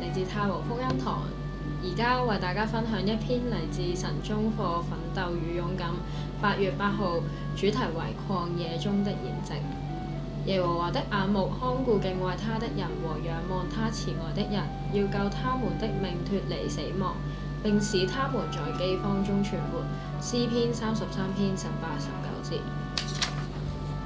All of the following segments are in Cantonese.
嚟自泰和福音堂，而家為大家分享一篇嚟自神中課《奮鬥與勇敢》八月八號，主題為曠野中的筵席。耶和華的眼目看顧敬畏他的人和仰望他慈愛的人，要救他們的命脫離死亡，並使他們在饑荒中存活。詩篇三十三篇十八十九節。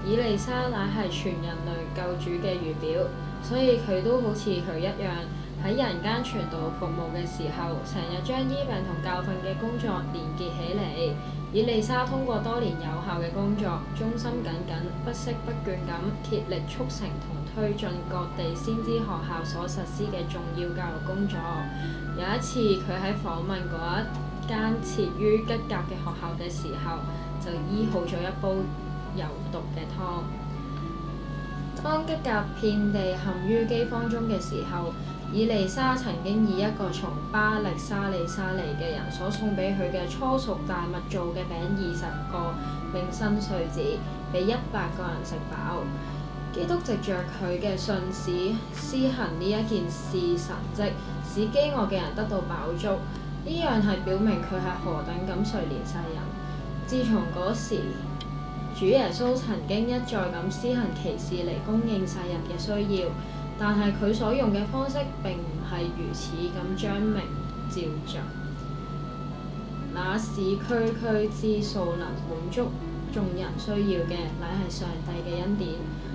以利沙乃係全人類救主嘅預表，所以佢都好似佢一樣。喺人間傳道服務嘅時候，成日將醫病同教訓嘅工作連結起嚟。以利沙通過多年有效嘅工作，忠心耿耿，不息不倦咁，竭力促成同推進各地先知學校所實施嘅重要教育工作。有一次，佢喺訪問嗰一間設於吉甲嘅學校嘅時候，就醫好咗一煲有毒嘅湯。當吉甲遍地陷於饑荒中嘅時候，以利沙曾經以一個從巴力沙利沙利嘅人所送俾佢嘅初熟大麥做嘅餅二十個，並新穗子俾一百個人食飽。基督藉着佢嘅信使施行呢一件事神蹟，使飢餓嘅人得到飽足。呢樣係表明佢係何等咁垂憐世人。自從嗰時，主耶穌曾經一再咁施行奇事嚟供應世人嘅需要，但係佢所用嘅方式並唔係如此咁彰明昭著。那使區區之數能滿足眾人需要嘅，乃係上帝嘅恩典。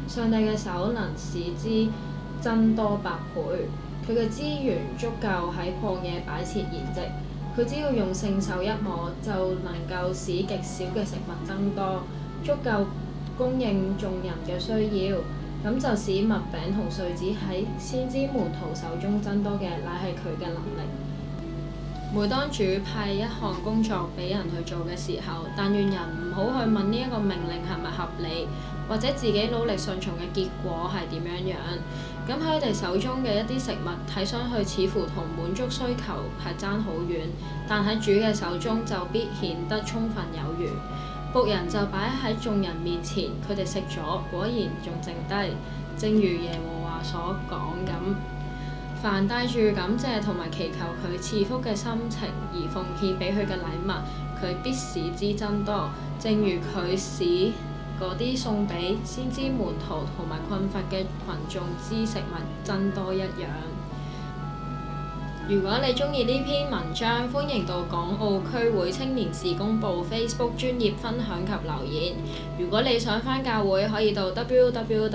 上帝嘅手能使之增多百倍，佢嘅資源足夠喺曠野擺設筵席。佢只要用聖手一摸，就能夠使極少嘅食物增多。足夠供應眾人嘅需要，咁就使麥餅同穗子喺先知門徒手中增多嘅，乃係佢嘅能力。每當主派一項工作俾人去做嘅時候，但願人唔好去問呢一個命令係咪合理，或者自己努力順從嘅結果係點樣樣。咁喺佢哋手中嘅一啲食物，睇上去似乎同滿足需求係爭好遠，但喺主嘅手中就必顯得充分有餘。僕人就擺喺眾人面前，佢哋食咗，果然仲剩低。正如耶和華所講咁，凡帶住感謝同埋祈求佢賜福嘅心情而奉獻俾佢嘅禮物，佢必使之增多。正如佢使嗰啲送俾先知門徒同埋困乏嘅群眾之食物增多一樣。如果你中意呢篇文章，歡迎到港澳區會青年時公報 Facebook 專頁分享及留言。如果你想返教會，可以到 www.hkmcadventist.org。